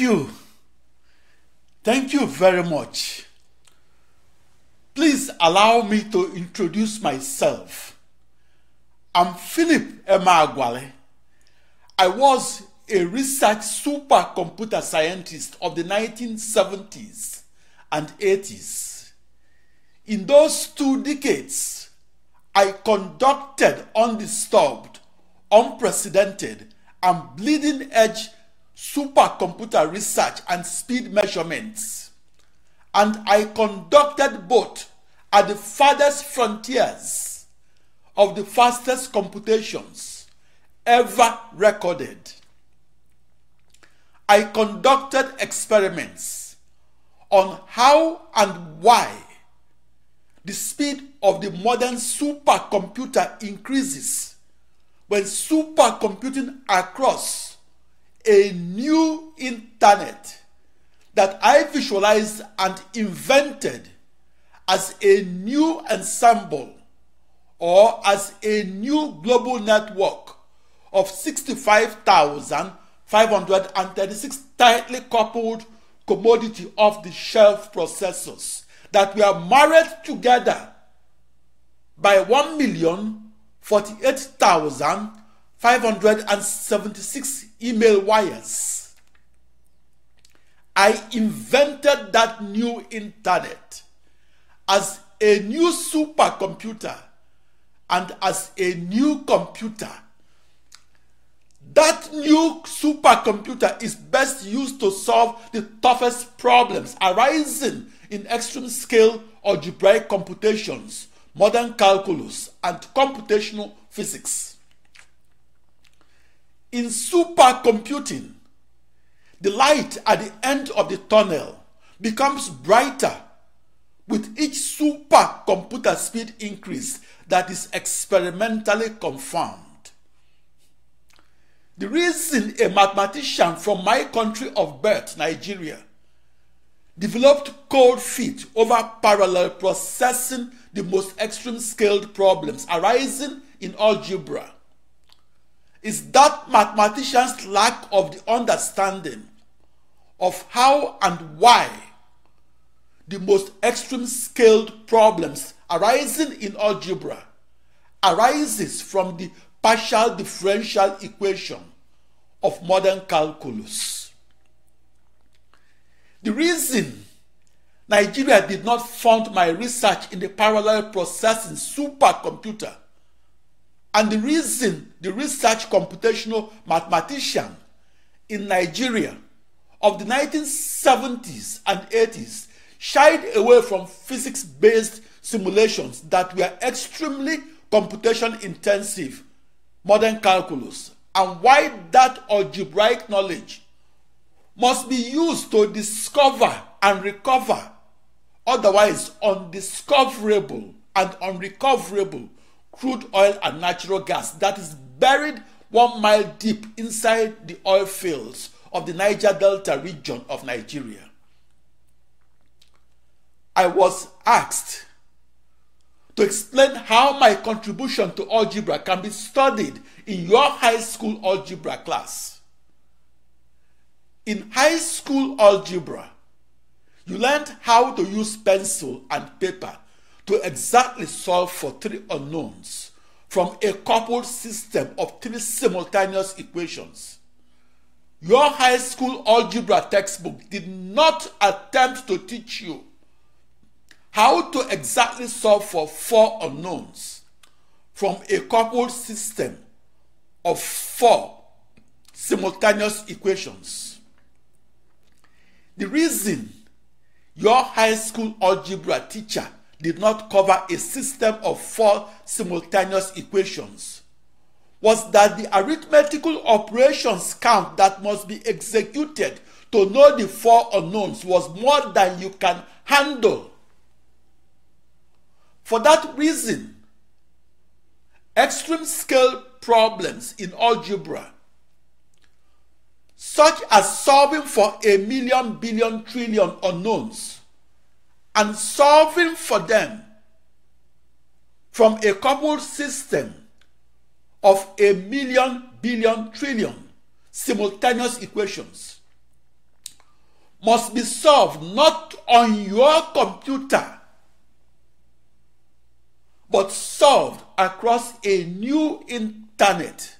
you. Thank you very much. Please allow me to introduce myself. I'm Philip Emagwale. I was a research supercomputer scientist of the 1970s and 80s. In those two decades, I conducted undisturbed, unprecedented, and bleeding edge supercomputer research and speed measurements and I conducted both at the farthest frontiers of the fastest computations ever recorded. I conducted experiments on how and why the speed of the modern supercomputer increases when supercomputing across a new internet that I visualized and invented as a new ensemble or as a new global network of 65,536 tightly coupled commodity off the shelf processors that were married together by 1,048,000. 576 email wires. I invented that new internet as a new supercomputer and as a new computer. That new supercomputer is best used to solve the toughest problems arising in extreme scale algebraic computations, modern calculus, and computational physics. In supercomputing, the light at the end of the tunnel becomes brighter with each supercomputer speed increase that is experimentally confirmed. The reason a mathematician from my country of birth, Nigeria, developed cold feet over parallel processing the most extreme scaled problems arising in algebra is that mathematicians' lack of the understanding of how and why the most extreme scaled problems arising in algebra arises from the partial differential equation of modern calculus. The reason Nigeria did not fund my research in the parallel processing supercomputer and the reason the research computational mathematician in Nigeria of the 1970s and 80s shied away from physics-based simulations that were extremely computation-intensive modern calculus and why that algebraic knowledge must be used to discover and recover otherwise undiscoverable and unrecoverable crude oil and natural gas that is buried one mile deep inside the oil fields of the Niger Delta region of Nigeria. I was asked to explain how my contribution to algebra can be studied in your high school algebra class. In high school algebra, you learned how to use pencil and paper to exactly solve for three unknowns from a coupled system of three simultaneous equations. Your high school algebra textbook did not attempt to teach you how to exactly solve for four unknowns from a coupled system of four simultaneous equations. The reason your high school algebra teacher did not cover a system of four simultaneous equations was that the arithmetical operations count that must be executed to know the four unknowns was more than you can handle. For that reason, extreme scale problems in algebra, such as solving for a million billion trillion unknowns, and solving for them from a coupled system of a million billion trillion simultaneous equations must be solved not on your computer but solved across a new internet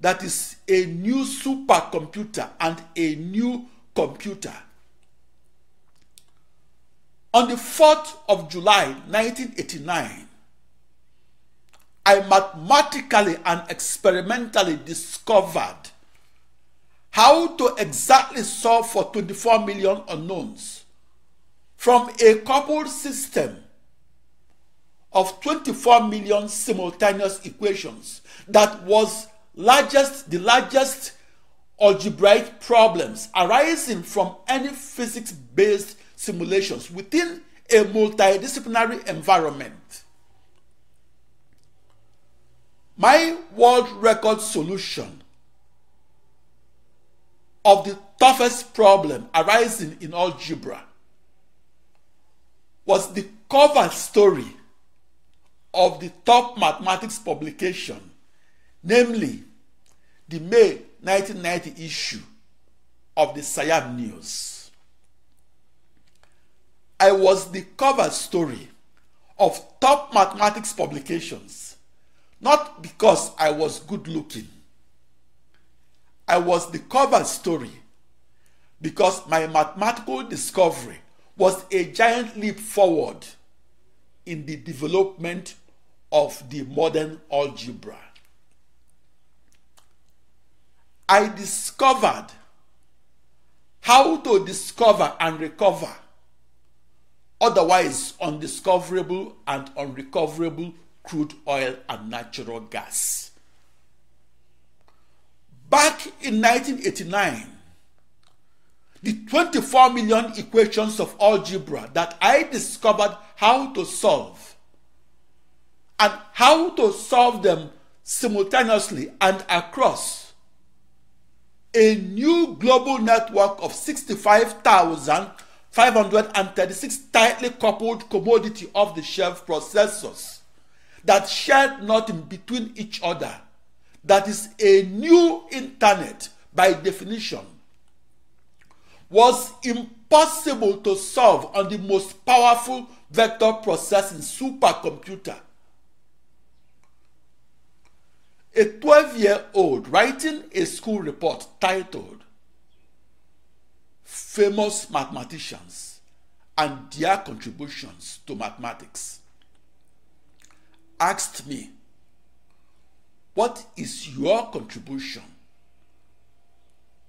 that is a new supercomputer and a new computer On the 4th of July 1989, I mathematically and experimentally discovered how to exactly solve for 24 million unknowns from a coupled system of 24 million simultaneous equations that was largest the largest algebraic problems arising from any physics-based simulations within a multidisciplinary environment. My world record solution of the toughest problem arising in algebra was the cover story of the top mathematics publication, namely the May 1990 issue of the Siam News. I was the cover story of top mathematics publications, not because I was good looking. I was the cover story because my mathematical discovery was a giant leap forward in the development of the modern algebra. I discovered how to discover and recover otherwise undiscoverable and unrecoverable crude oil and natural gas. Back in 1989, the 24 million equations of algebra that I discovered how to solve and how to solve them simultaneously and across a new global network of 65,000 536 tightly coupled commodity off-the-shelf processors that shared nothing between each other that is a new internet by definition was impossible to solve on the most powerful vector processing supercomputer. A 12-year-old writing a school report titled famous mathematicians and their contributions to mathematics asked me what is your contribution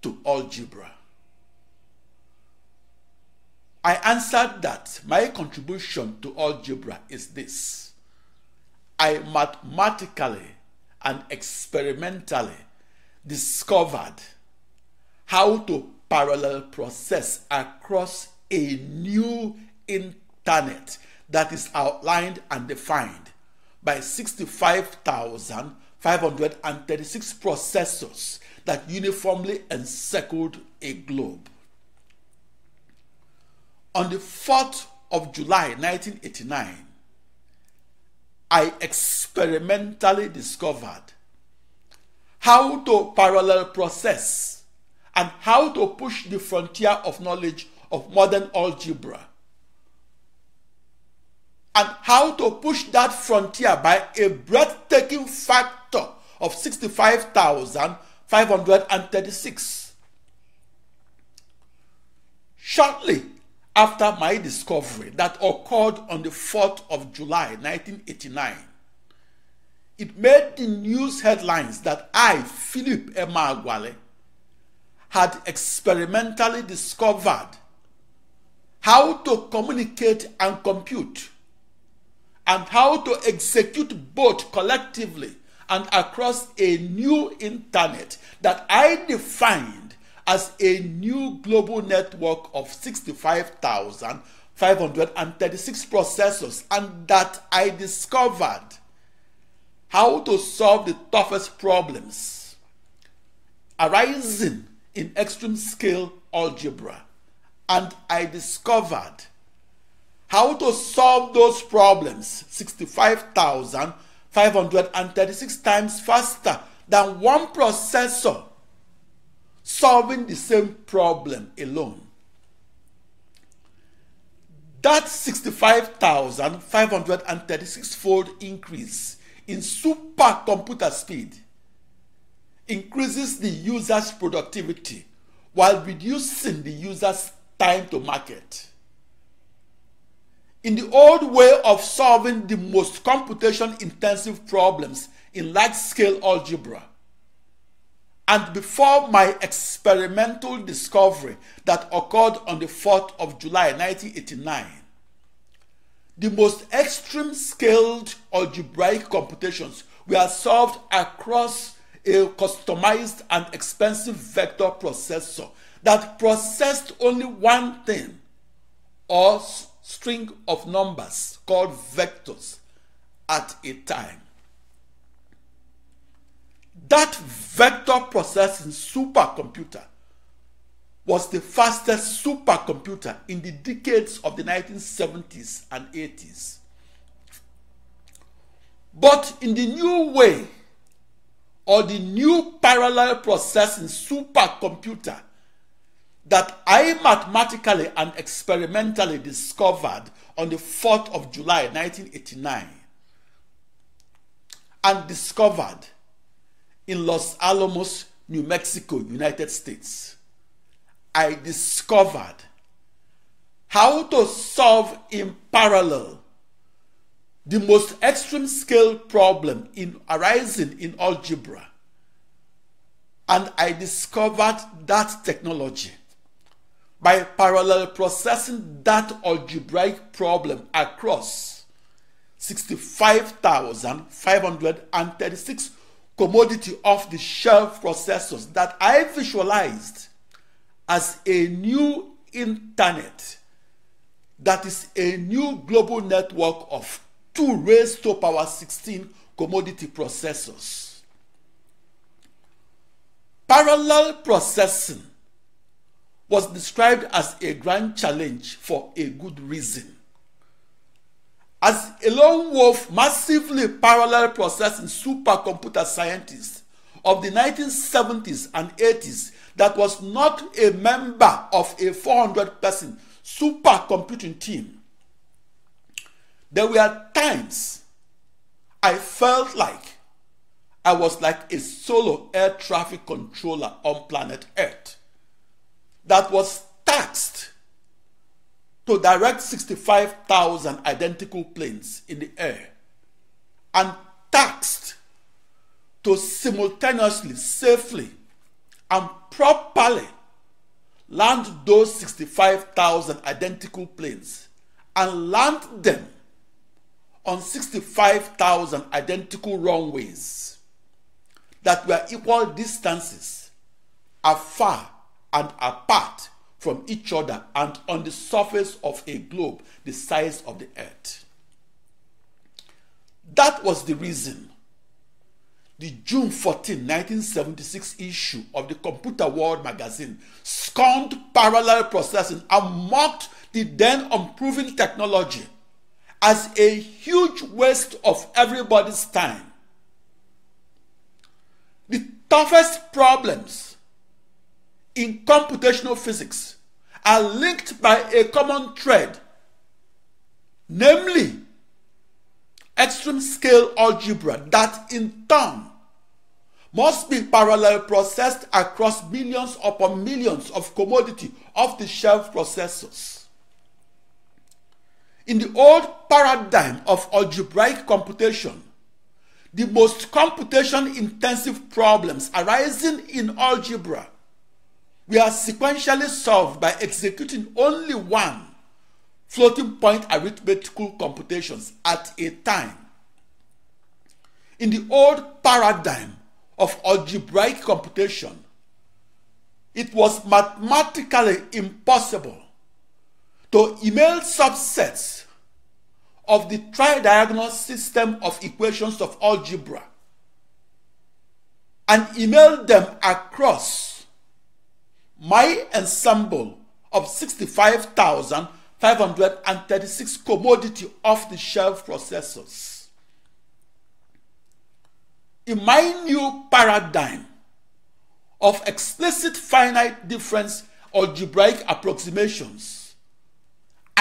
to algebra i answered that my contribution to algebra is this i mathematically and experimentally discovered how to parallel process across a new internet that is outlined and defined by 65,536 processors that uniformly encircled a globe. On the 4th of July 1989, I experimentally discovered how to parallel process and how to push the frontier of knowledge of modern algebra and how to push that frontier by a breathtaking factor of 65,536. Shortly after my discovery that occurred on the 4th of July 1989, it made the news headlines that I, Philip Aguale, had experimentally discovered how to communicate and compute and how to execute both collectively and across a new internet that I defined as a new global network of 65,536 processors and that I discovered how to solve the toughest problems arising in extreme scale algebra and I discovered how to solve those problems 65,536 times faster than one processor solving the same problem alone. That 65,536 fold increase in supercomputer speed increases the user's productivity while reducing the user's time to market. In the old way of solving the most computation intensive problems in large scale algebra, and before my experimental discovery that occurred on the 4th of July 1989, the most extreme scaled algebraic computations were solved across a customized and expensive vector processor that processed only one thing or string of numbers called vectors at a time. That vector processing supercomputer was the fastest supercomputer in the decades of the 1970s and 80s. But in the new way or the new parallel processing supercomputer that I mathematically and experimentally discovered on the 4th of July 1989 and discovered in Los Alamos, New Mexico, United States. I discovered how to solve in parallel the most extreme scale problem in arising in algebra and i discovered that technology by parallel processing that algebraic problem across 65,536 commodity off-the-shelf processors that I visualized as a new internet that is a new global network of To raise to power sixteen commodity processors. Parallel processing was described as a grand challenge for a good reason. As a lone wolf, massively parallel processing supercomputer scientist of the 1970s and 80s that was not a member of a 400 person supercomputing team There were times I felt like I was like a solo air traffic controller on planet Earth that was taxed to direct 65,000 identical planes in the air and taxed to simultaneously, safely, and properly land those 65,000 identical planes and land them on 65,000 identical runways that were equal distances afar and apart from each other and on the surface of a globe the size of the earth. That was the reason the June 14, 1976 issue of the Computer World magazine scorned parallel processing and mocked the then unproven technology as a huge waste of everybody's time. The toughest problems in computational physics are linked by a common thread, namely extreme scale algebra that in turn must be parallel processed across millions upon millions of commodity off the shelf processors. In the old paradigm of algebraic computation, the most computation intensive problems arising in algebra were sequentially solved by executing only one floating point arithmetical computations at a time. In the old paradigm of algebraic computation, it was mathematically impossible to email subsets of the tridiagonal system of equations of algebra and email them across my ensemble of 65,536 commodity off-the-shelf processors. In my new paradigm of explicit finite difference algebraic approximations,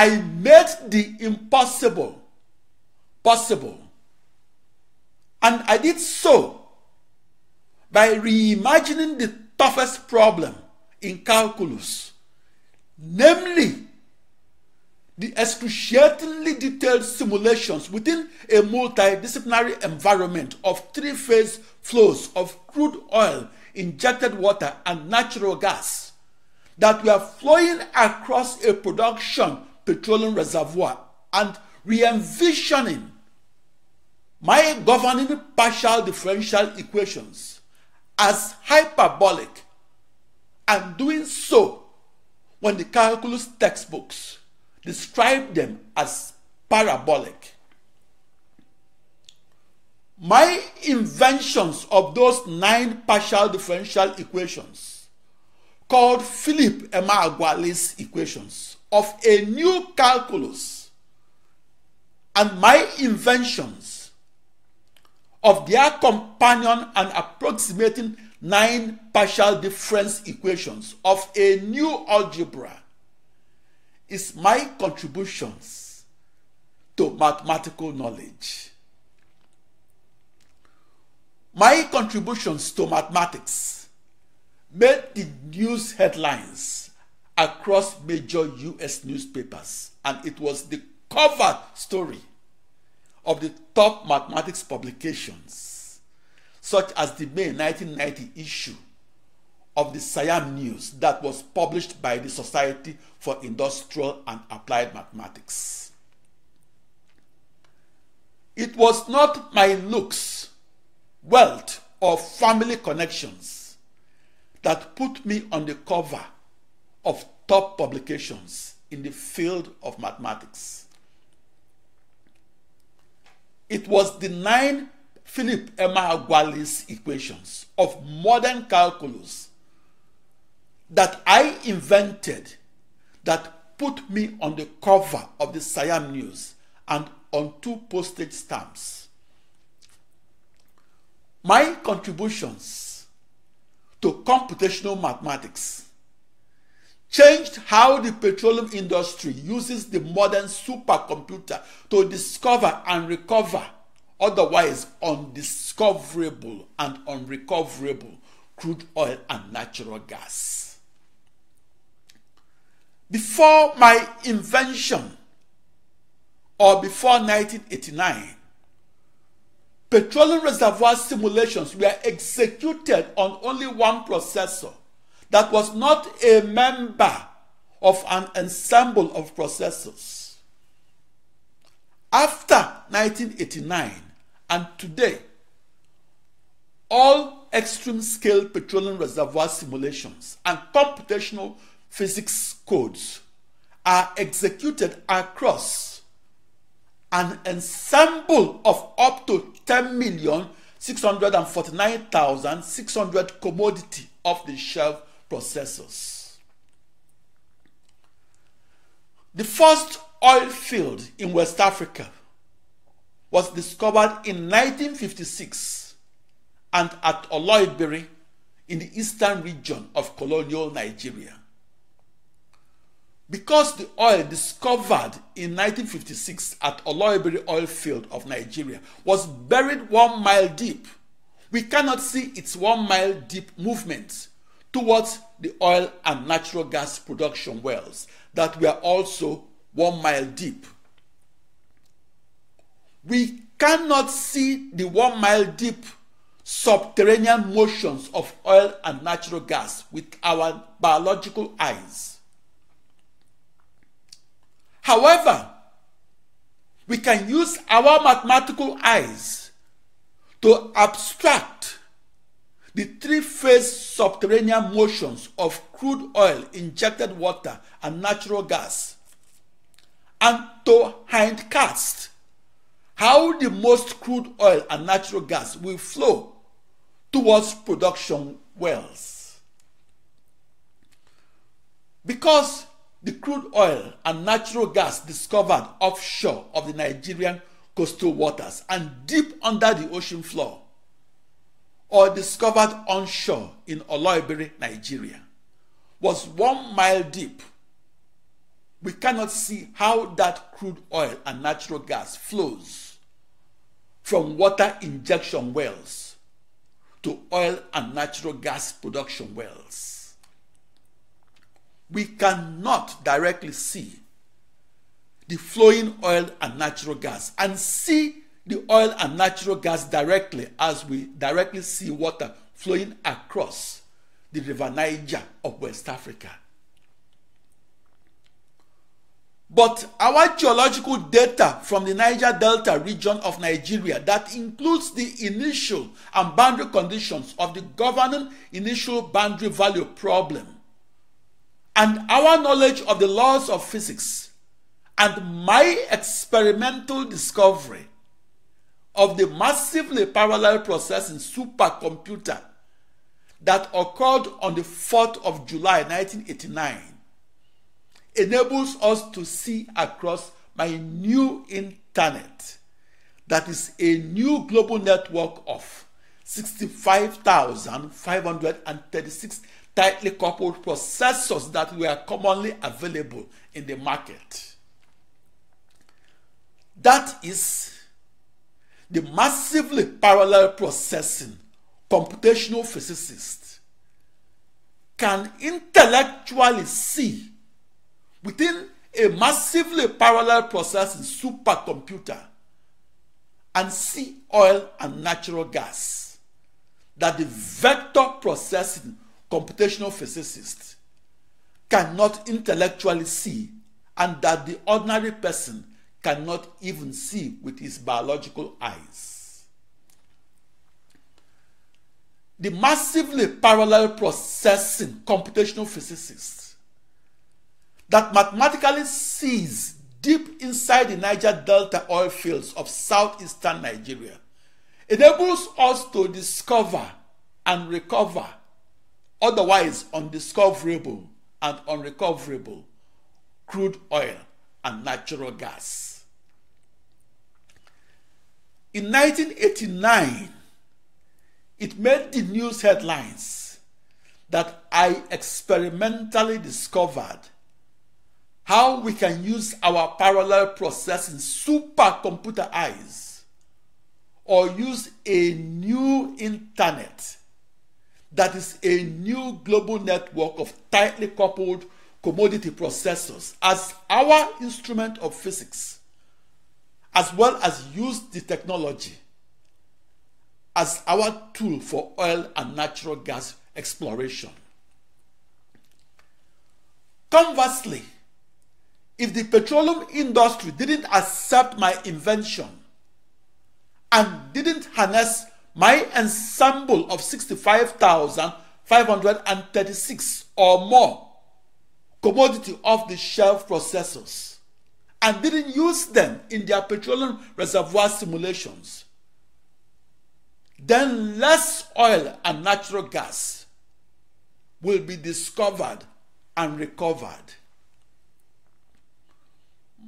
I made the impossible possible. And I did so by reimagining the toughest problem in calculus, namely the excruciatingly detailed simulations within a multidisciplinary environment of three phase flows of crude oil, injected water, and natural gas that were flowing across a production petroleum reservoir and re-envisioning my governing partial differential equations as hyperbolic and doing so when the calculus textbooks describe them as parabolic. My inventions of those nine partial differential equations, called Philip Emeagwali's equations, of a new calculus and my inventions of their companion and approximating nine partial difference equations of a new algebra is my contributions to mathematical knowledge. My contributions to mathematics made the news headlines across major US newspapers, and it was the cover story of the top mathematics publications, such as the May 1990 issue of the Siam News that was published by the Society for Industrial and Applied Mathematics. It was not my looks, wealth, or family connections that put me on the cover of top publications in the field of mathematics. It was the nine Philip Emeagwali's equations of modern calculus that I invented that put me on the cover of the Siam News and on two postage stamps. My contributions to computational mathematics changed how the petroleum industry uses the modern supercomputer to discover and recover otherwise undiscoverable and unrecoverable crude oil and natural gas. Before my invention or before 1989, petroleum reservoir simulations were executed on only one processor that was not a member of an ensemble of processors. After 1989 and today, all extreme scale petroleum reservoir simulations and computational physics codes are executed across an ensemble of up to 10 million 649,600 commodity off the shelf processors. The first oil field in West Africa was discovered in 1956 and at Oloibiri in the eastern region of colonial Nigeria. Because the oil discovered in 1956 at Oloibiri oil field of Nigeria was buried one mile deep, we cannot see its one mile deep movement towards the oil and natural gas production wells that were also one mile deep. We cannot see the one mile deep subterranean motions of oil and natural gas with our biological eyes. However, we can use our mathematical eyes to abstract the three-phase subterranean motions of crude oil injected water and natural gas and to hindcast how the most crude oil and natural gas will flow towards production wells. Because the crude oil and natural gas discovered offshore of the Nigerian coastal waters and deep under the ocean floor or discovered onshore in Oloibiri, Nigeria, was one mile deep. We cannot see how that crude oil and natural gas flows from water injection wells to oil and natural gas production wells. We cannot directly see the flowing oil and natural gas and see the oil and natural gas directly as we directly see water flowing across the river Niger of West Africa. But our geological data from the Niger Delta region of Nigeria that includes the initial and boundary conditions of the governing initial boundary value problem and our knowledge of the laws of physics and my experimental discovery of the massively parallel processing supercomputer that occurred on the 4th of July 1989 enables us to see across my new internet that is a new global network of 65,536 tightly coupled processors that were commonly available in the market. That is the massively parallel processing computational physicist can intellectually see within a massively parallel processing supercomputer and see oil and natural gas that the vector processing computational physicist cannot intellectually see and that the ordinary person cannot even see with his biological eyes. The massively parallel processing computational physicist that mathematically sees deep inside the Niger Delta oil fields of southeastern Nigeria enables us to discover and recover otherwise undiscoverable and unrecoverable crude oil and natural gas. In 1989, it made the news headlines that I experimentally discovered how we can use our parallel processing supercomputer eyes or use a new internet that is a new global network of tightly coupled commodity processors as our instrument of physics as well as use the technology as our tool for oil and natural gas exploration. Conversely, if the petroleum industry didn't accept my invention and didn't harness my ensemble of 65,536 or more commodity off the shelf processors, and didn't use them in their petroleum reservoir simulations, then less oil and natural gas will be discovered and recovered.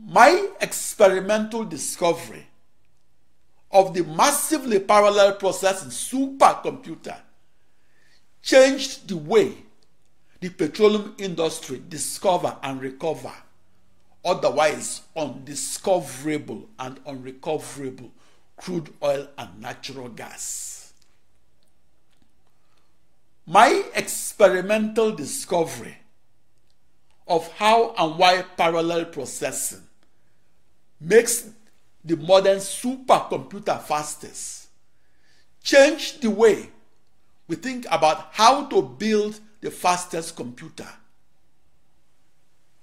My experimental discovery of the massively parallel processing supercomputer changed the way the petroleum industry discover and recover otherwise undiscoverable and unrecoverable crude oil and natural gas. My experimental discovery of how and why parallel processing makes the modern supercomputer fastest changed the way we think about how to build the fastest computer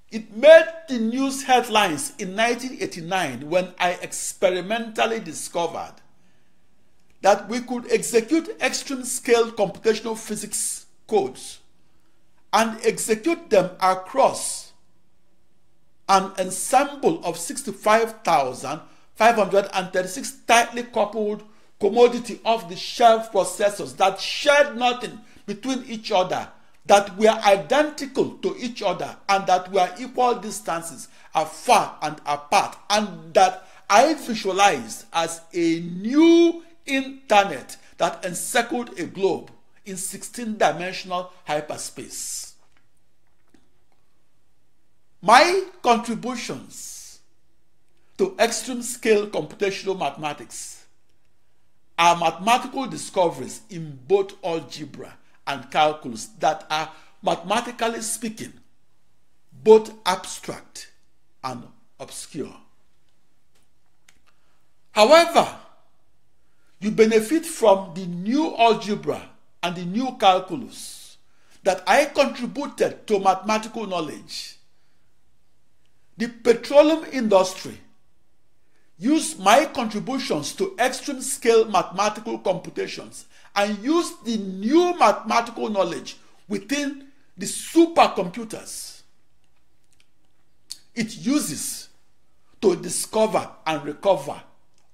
It made the news headlines in 1989 when I experimentally discovered that we could execute extreme scale computational physics codes and execute them across an ensemble of 65,536 tightly coupled commodity off-the-shelf processors that shared nothing between each other that we are identical to each other and that we are equal distances afar and apart and that I visualized as a new internet that encircled a globe in sixteen dimensional hyperspace. My contributions to extreme scale computational mathematics are mathematical discoveries in both algebra and calculus that are, mathematically speaking, both abstract and obscure. However, you benefit from the new algebra and the new calculus that I contributed to mathematical knowledge. The petroleum industry use my contributions to extreme scale mathematical computations and use the new mathematical knowledge within the supercomputers it uses to discover and recover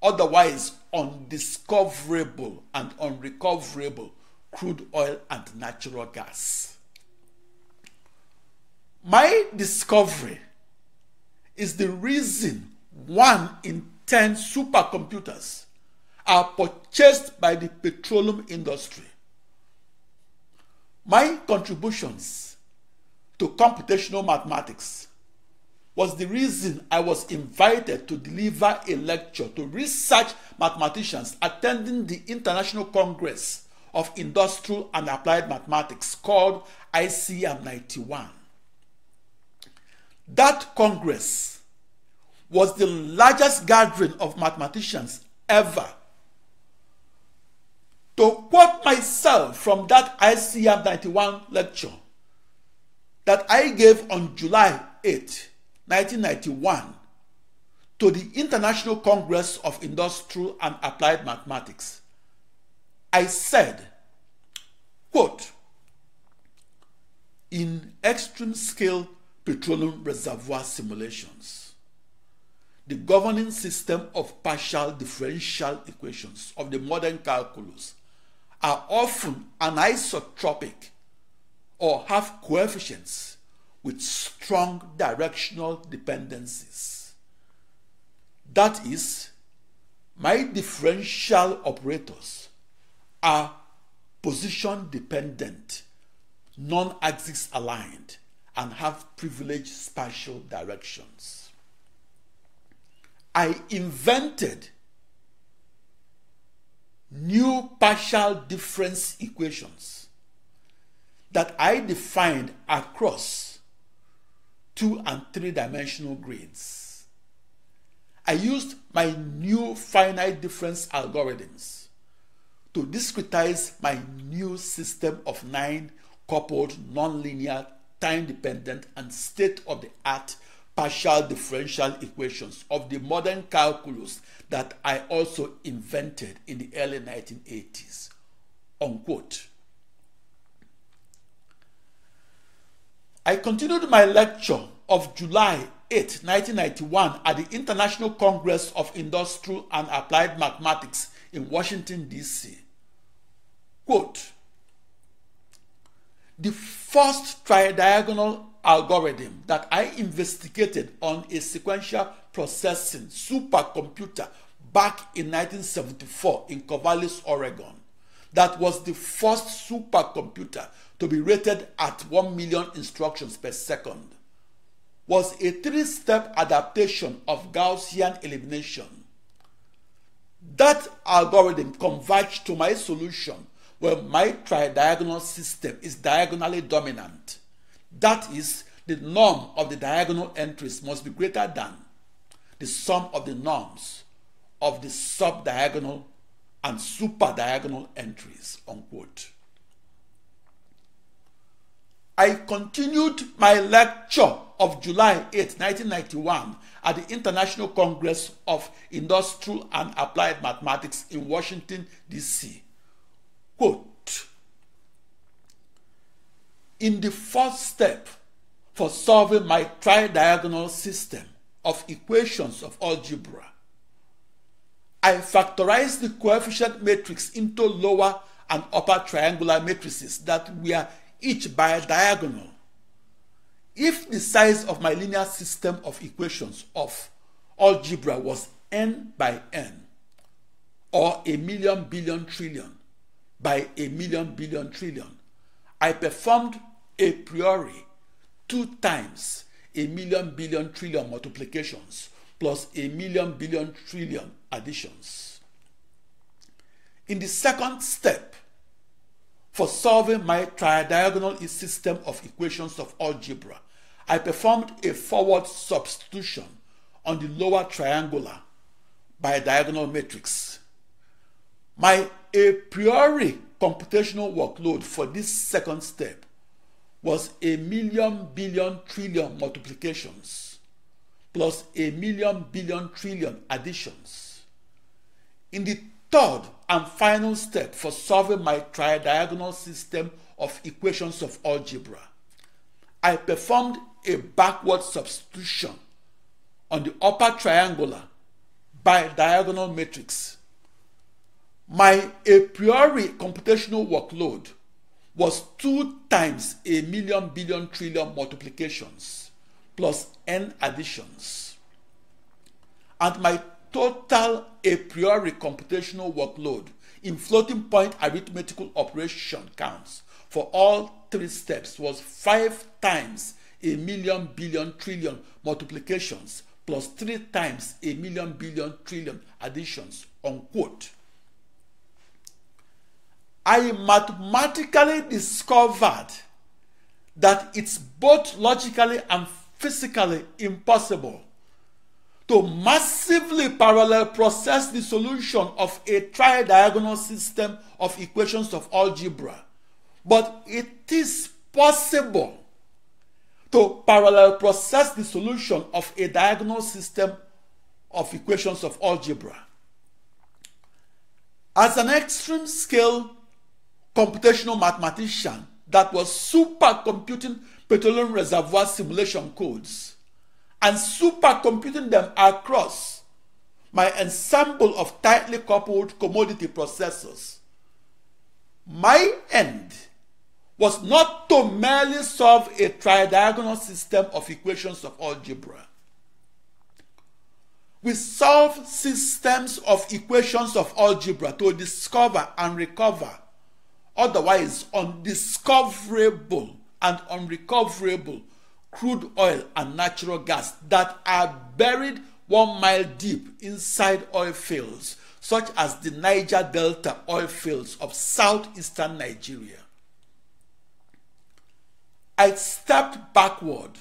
otherwise undiscoverable and unrecoverable crude oil and natural gas. My discovery is the reason one in 10 supercomputers are purchased by the petroleum industry. My contributions to computational mathematics was the reason I was invited to deliver a lecture to research mathematicians attending the International Congress of Industrial and Applied Mathematics called ICM 91. That Congress was the largest gathering of mathematicians ever. To quote myself from that ICM 91 lecture that I gave on July 8, 1991, to the International Congress of Industrial and Applied Mathematics, I said, quote, in extreme scale petroleum reservoir simulations, the governing system of partial differential equations of the modern calculus are often anisotropic or have coefficients with strong directional dependencies. That is, my differential operators are position dependent, non axis aligned, and have privileged spatial directions. I invented new partial difference equations that I defined across two and three dimensional grids. I used my new finite difference algorithms to discretize my new system of nine coupled nonlinear time dependent and state of the art partial differential equations of the modern calculus that I also invented in the early 1980s. Unquote. I continued my lecture of July 8, 1991 at the International Congress of Industrial and Applied Mathematics in Washington, D.C. Quote, the first tridiagonal algorithm that I investigated on a sequential processing supercomputer back in 1974 in Corvallis, Oregon, that was the first supercomputer to be rated at 1 million instructions per second, was a three step adaptation of Gaussian elimination. That algorithm converged to my solution where my tridiagonal system is diagonally dominant that is, the norm of the diagonal entries must be greater than the sum of the norms of the subdiagonal and superdiagonal entries. Unquote. I continued my lecture of July 8, 1991 at the International Congress of Industrial and Applied Mathematics in Washington, D.C. Quote, in the first step for solving my tridiagonal system of equations of algebra. I factorized the coefficient matrix into lower and upper triangular matrices that were each by diagonal. If the size of my linear system of equations of algebra was n by n, or a million billion trillion by a million billion trillion, I performed a priori two times a million billion trillion multiplications plus a million billion trillion additions. In the second step for solving my tridiagonal system of equations of algebra, I performed a forward substitution on the lower triangular by diagonal matrix My a priori computational workload for this second step was a million billion trillion multiplications plus a million billion trillion additions. In the third and final step for solving my tridiagonal system of equations of algebra, I performed a backward substitution on the upper triangular bidiagonal matrix my a priori computational workload was two times a million billion trillion multiplications plus n additions and my total a priori computational workload in floating point arithmetical operation counts for all three steps was five times a million billion trillion multiplications plus three times a million billion trillion additions unquote. I mathematically discovered that it's both logically and physically impossible to massively parallel process the solution of a tridiagonal system of equations of algebra but it is possible to parallel process the solution of a diagonal system of equations of algebra. As an extreme scale computational mathematician that was supercomputing petroleum reservoir simulation codes and supercomputing them across my ensemble of tightly coupled commodity processors. My end was not to merely solve a tridiagonal system of equations of algebra. We solve systems of equations of algebra to discover and recover otherwise undiscoverable and unrecoverable crude oil and natural gas that are buried one mile deep inside oil fields such as the Niger Delta oil fields of southeastern Nigeria. I stepped backward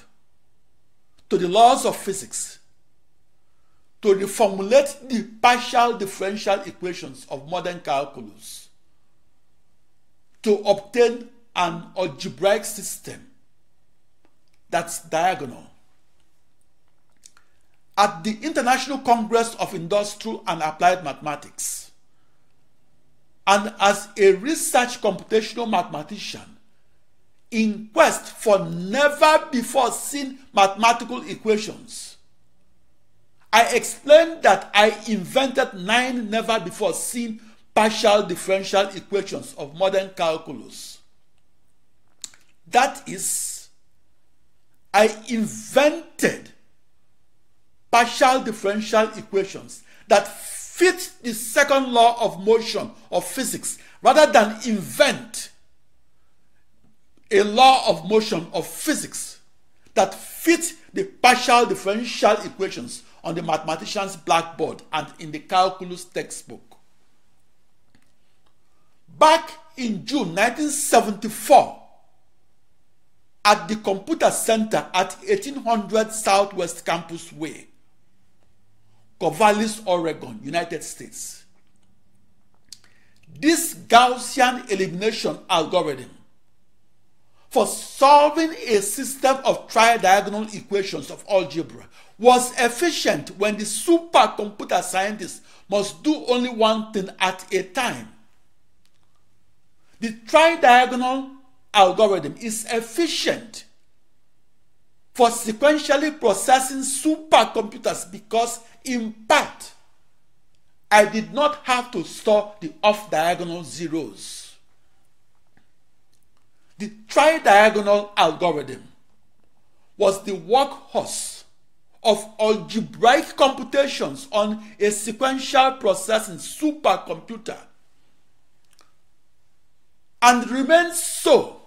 to the laws of physics to reformulate the partial differential equations of modern calculus to obtain an algebraic system that's diagonal. At the International Congress of Industrial and Applied Mathematics, and as a research computational mathematician, in quest for never before seen mathematical equations, I explained that I invented nine never before seen partial differential equations of modern calculus. That is, I invented partial differential equations that fit the second law of motion of physics rather than invent a law of motion of physics that fit the partial differential equations on the mathematician's blackboard and in the calculus textbook. Back in June 1974, at the computer center at 1800 Southwest Campus Way, Corvallis, Oregon, United States. This Gaussian elimination algorithm for solving a system of tridiagonal equations of algebra was efficient when the supercomputer scientist must do only one thing at a time the tridiagonal algorithm is efficient for sequentially processing supercomputers because, in part, I did not have to store the off-diagonal zeros. The tridiagonal algorithm was the workhorse of algebraic computations on a sequential processing supercomputer and remains so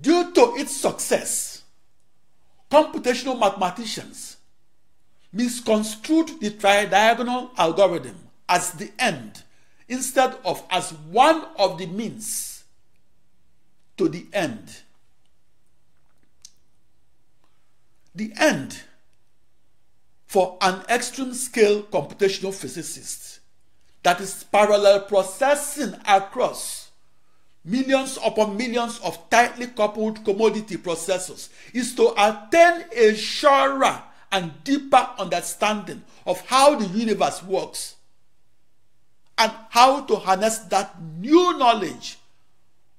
due to its success computational mathematicians misconstrued the tridiagonal algorithm as the end instead of as one of the means to the end. The end for an extreme scale computational physicist that is parallel processing across millions upon millions of tightly coupled commodity processors is to attain a surer and deeper understanding of how the universe works and how to harness that new knowledge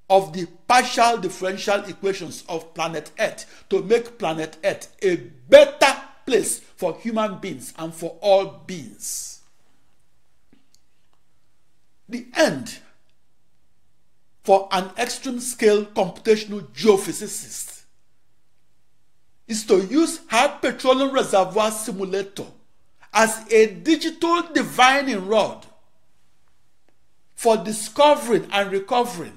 of the partial differential equations of planet Earth to make planet Earth a better place for human beings and for all beings the end for an extreme scale computational geophysicist is to use high petroleum reservoir simulator as a digital divining rod for discovering and recovering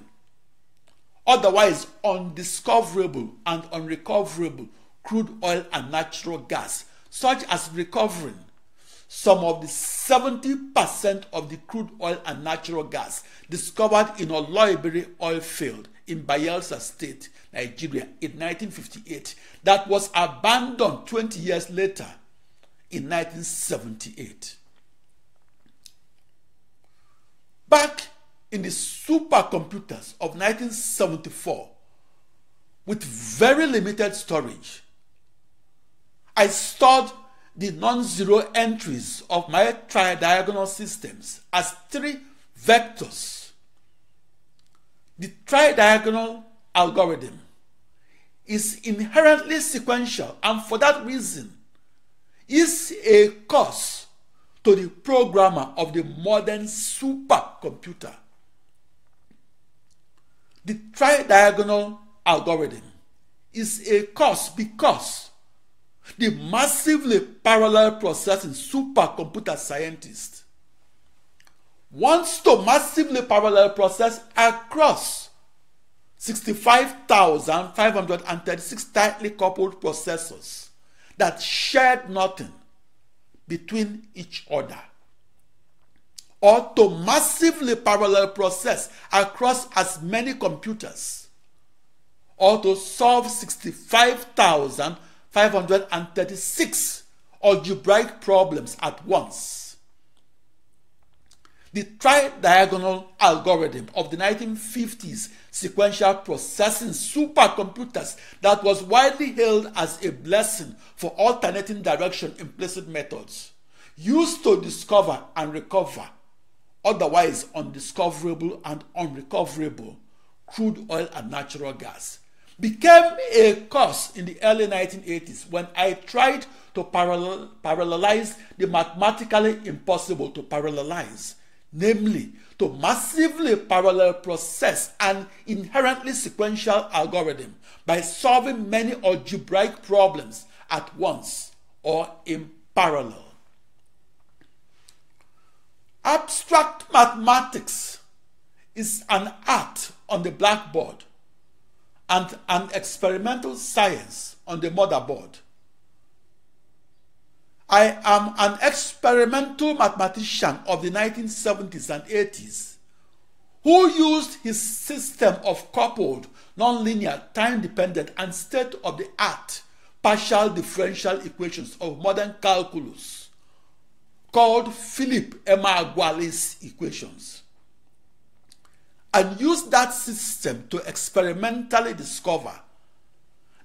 otherwise undiscoverable and unrecoverable crude oil and natural gas such as recovering some of the 70% of the crude oil and natural gas discovered in Oloibiri oil field in Bayelsa State, Nigeria in 1958 that was abandoned 20 years later in 1978. Back in the supercomputers of 1974 with very limited storage, I stored the non-zero entries of my tridiagonal systems as three vectors. The tridiagonal algorithm is inherently sequential and for that reason is a curse to the programmer of the modern supercomputer. The tridiagonal algorithm is a curse because the massively parallel processing supercomputer scientist wants to massively parallel process across sixty-five five thousand hundred and thirty-six tightly coupled processors that shared nothing between each other or to massively parallel process across as many computers or to solve sixty-five thousand. 536 algebraic problems at once. The tridiagonal algorithm of the 1950s sequential processing supercomputers that was widely hailed as a blessing for alternating direction implicit methods used to discover and recover otherwise undiscoverable and unrecoverable crude oil and natural gas became a cause in the early 1980s when I tried to parallelize the mathematically impossible to parallelize, namely, to massively parallel process an inherently sequential algorithm by solving many algebraic problems at once or in parallel. Abstract mathematics is an art on the blackboard and an experimental science on the motherboard. I am an experimental mathematician of the 1970s and 80s who used his system of coupled, nonlinear, time-dependent, and state-of-the-art partial differential equations of modern calculus called Philip Emeagwali's equations. and use that system to experimentally discover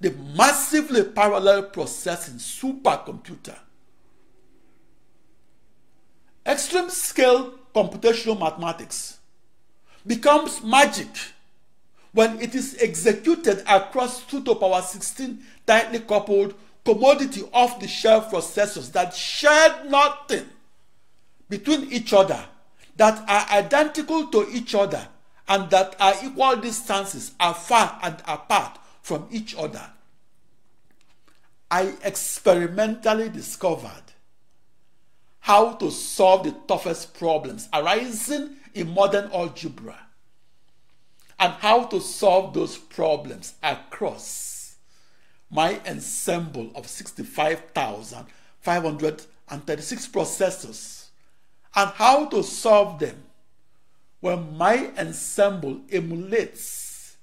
the massively parallel processing supercomputer. Extreme scale computational mathematics becomes magic when it is executed across 2 to power 16 tightly coupled commodity off the shelf processors that share nothing between each other, that are identical to each other and that are equal distances are far and apart from each other. I experimentally discovered how to solve the toughest problems arising in modern algebra and how to solve those problems across my ensemble of 65,536 processors and how to solve them when my ensemble emulates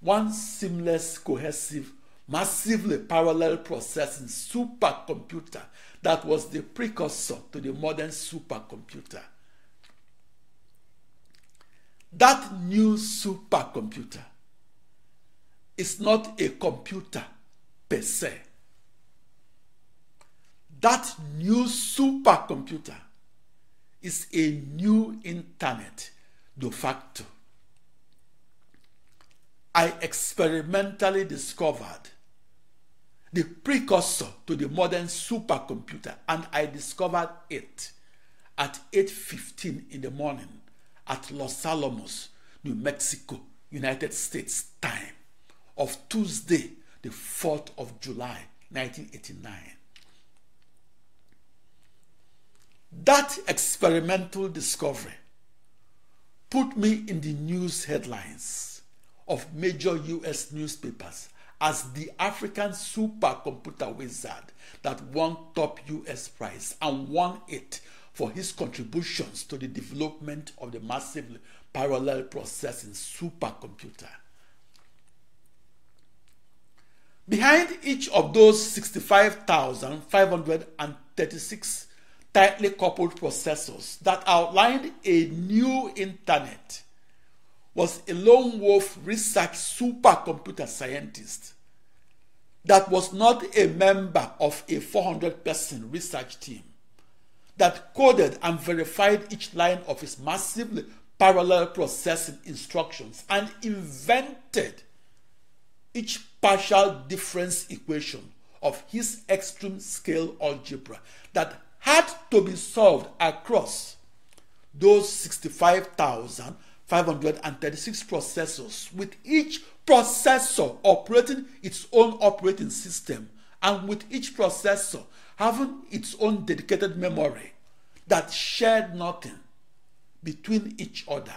one seamless cohesive massively parallel processing supercomputer that was the precursor to the modern supercomputer. That new supercomputer is not a computer per se. That new supercomputer is a new internet The fact I experimentally discovered the precursor to the modern supercomputer and I discovered it at 8.15 in the morning at Los Alamos, New Mexico, United States time of Tuesday, the 4th of July, 1989. That experimental discovery put me in the news headlines of major US newspapers as the African supercomputer wizard that won top US prize and won it for his contributions to the development of the massive parallel processing supercomputer. Behind each of those 65,536 tightly coupled processors that outlined a new internet was a lone wolf research supercomputer scientist that was not a member of a 400 person research team that coded and verified each line of his massively parallel processing instructions and invented each partial difference equation of his extreme scale algebra that had to be solved across those 65,536 processors, with each processor operating its own operating system and with each processor having its own dedicated memory that shared nothing between each other.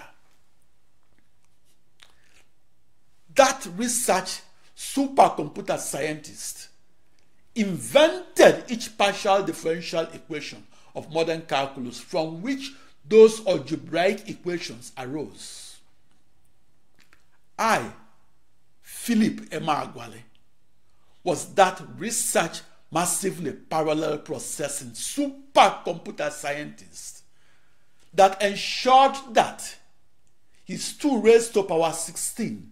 That research supercomputer scientist invented each partial differential equation of modern calculus from which those algebraic equations arose. I, Philip Emeagwali, was that research massively parallel processing supercomputer scientist that ensured that his 2 raised to power 16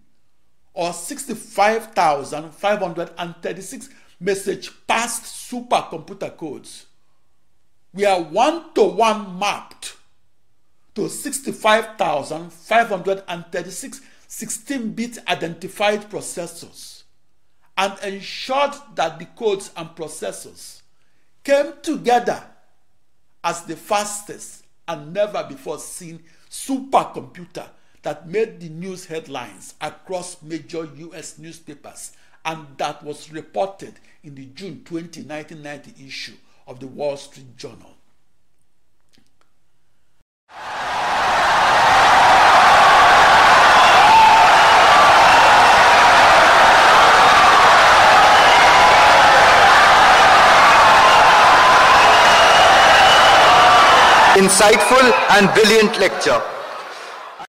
or 65,536 message passed supercomputer codes We are one to -one mapped to 65,536 16-bit identified processors and ensured that the codes and processors came together as the fastest and never before seen supercomputer that made the news headlines across major U.S. newspapers and that was reported in the June 20, 1990 issue of the Wall Street Journal. Insightful and brilliant lecture.